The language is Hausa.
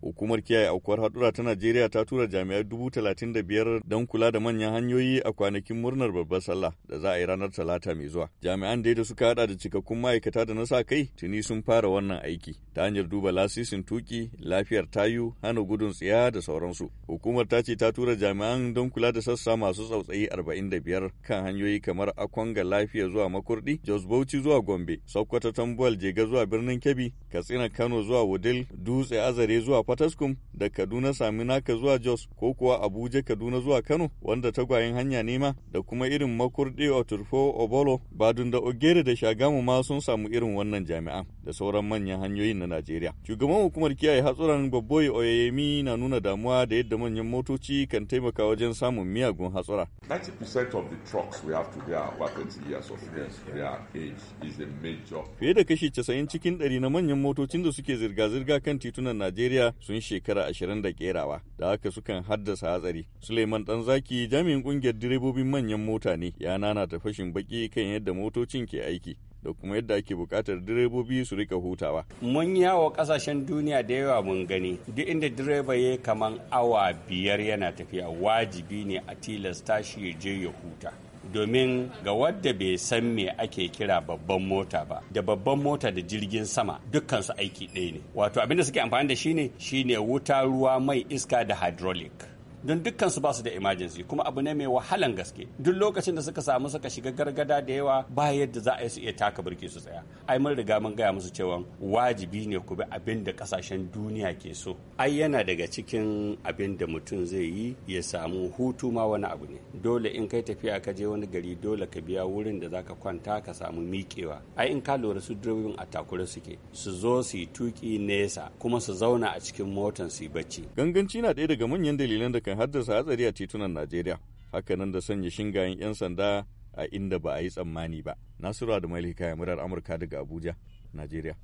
Hukumar kiyaye aukuwar haɗura ta Najeriya ta tura jami'ai dubu talatin da biyar don kula da manyan hanyoyi a kwanakin murnar babbar sallah da za a yi ranar talata mai zuwa. Jami'an dai da suka haɗa da cikakkun ma'aikata da na sa kai tuni sun fara wannan aiki ta hanyar duba lasisin tuki, lafiyar tayu, hana gudun tsiya da sauransu. Hukumar ta ce ta tura jami'an don kula da sassa masu tsautsayi arba'in da biyar kan hanyoyi kamar Akwanga lafiya zuwa Makurdi, Jos Bauchi zuwa Gombe, Sokoto Tambuwal Jega zuwa birnin Kebbi, Katsina Kano zuwa Wudil, Dutse Azare zuwa Fataskum da Kaduna Saminaka zuwa Jos ko kuwa Abuja Kaduna zuwa Kano wanda tagwayen hanya ne ma da kuma irin Makurdi Oturfo Obolo Badun da Ogere da Shagamu ma sun samu irin wannan jami'an da sauran manyan hanyoyin na Najeriya. Shugaban hukumar kiyaye hatsuran Gobboy Oyeyemi na nuna damuwa da yadda manyan motoci kan taimaka wajen samun miyagun hatsura. 90% of the trucks we have today are about 30 years of age is Fiye da kashi 90 cikin 100 na manyan motocin da suke zirga-zirga kan titunan Najeriya sun shekara ashirin da kerawa da haka sukan haddasa hatsari suleiman dan zaki jami'in ƙungiyar direbobin manyan mota ne ya nana ta fashin baki kan yadda motocin ke aiki da kuma yadda ake bukatar direbobi su rika hutawa. Mun yawo ƙasashen duniya da yawa mun gani duk inda direba ya kaman awa biyar yana tafiya wajibi ne a tilasta shi ya je ya huta. domin ga wadda bai san me ake kira babban mota ba da babban mota da jirgin sama dukkansu aiki ɗaya ne wato abinda suke amfani da shi ne shine wuta ruwa mai iska da hydraulic don dukkan su ba su da emergency kuma abu ne mai wahalan gaske duk lokacin da suka samu suka shiga gargada da yawa ba yadda za a yi su iya taka burki su tsaya ai mun riga mun gaya musu cewa wajibi ne ku bi abin da kasashen duniya ke so ai yana daga cikin abin da mutum zai yi ya samu hutu ma wani abu ne dole in kai tafiya ka je wani gari dole ka biya wurin da zaka kwanta ka samu miƙewa ai in ka lura su drobin a takure suke su zo su yi tuki nesa kuma su zauna a cikin motan su yi bacci ganganci na ɗaya daga manyan dalilan da kan haddasa hatsari a titunan Najeriya. Hakanan da sanya shingayen 'yan sanda a inda ba a yi tsammani ba. Nasiru da Malika murar Amurka daga Abuja, Najeriya.